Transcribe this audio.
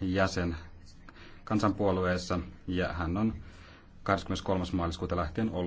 jäsen kansanpuolueessa ja hän on 23. maaliskuuta lähtien ollut